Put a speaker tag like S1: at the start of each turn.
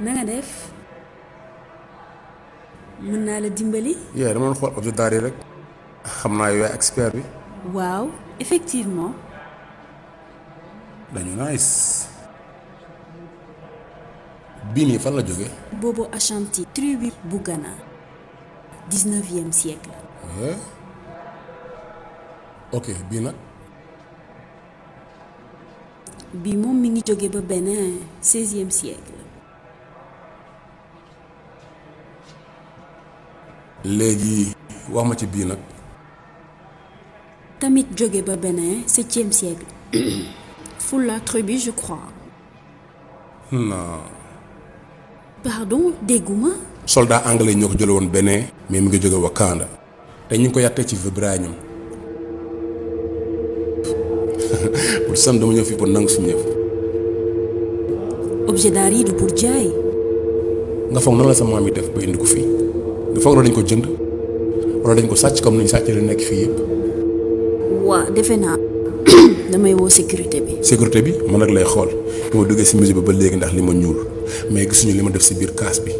S1: na nga def mën naa la dimbali.
S2: yaa dama doon xool audio daal rek xam naa yow expert bi.
S1: waaw effectivement.
S2: dañu nice. bii nii fan la jóge
S1: boobu Ashanti tribu bu Ghana. dix-neuvième siècle.
S2: Eh? ok bii nag.
S1: bii moom mi ngi jóge ba Bénin seizième siècle.
S2: léegi wax ma ci bii nag.
S1: tamit jóge ba Bénin septième siècle Fula tribu je crois. non. pardon dégguma.
S2: soldat anglais ñoo ko jële woon Bénin. mais mu ngi jóge Wakanda. te ñu ngi ko yàttee ci vibranium. pour sam dama ñëw fii pour nangu suñu yëf.
S1: objet d'art yi pour jaay.
S2: nga foog nan la sa maam yi def ba indi ko fii. du foog na dañ ko jënd wala dañ ko sàcc comme ni ñu sàcc la nekk fii yëpp.
S1: waaw defe naa damay woo sécurité bi.
S2: sécurité bi man nag lay xool li duggee si musée bi ba léegi ndax li ma ñuul mais gisuñu li ma def si biir kaas bi.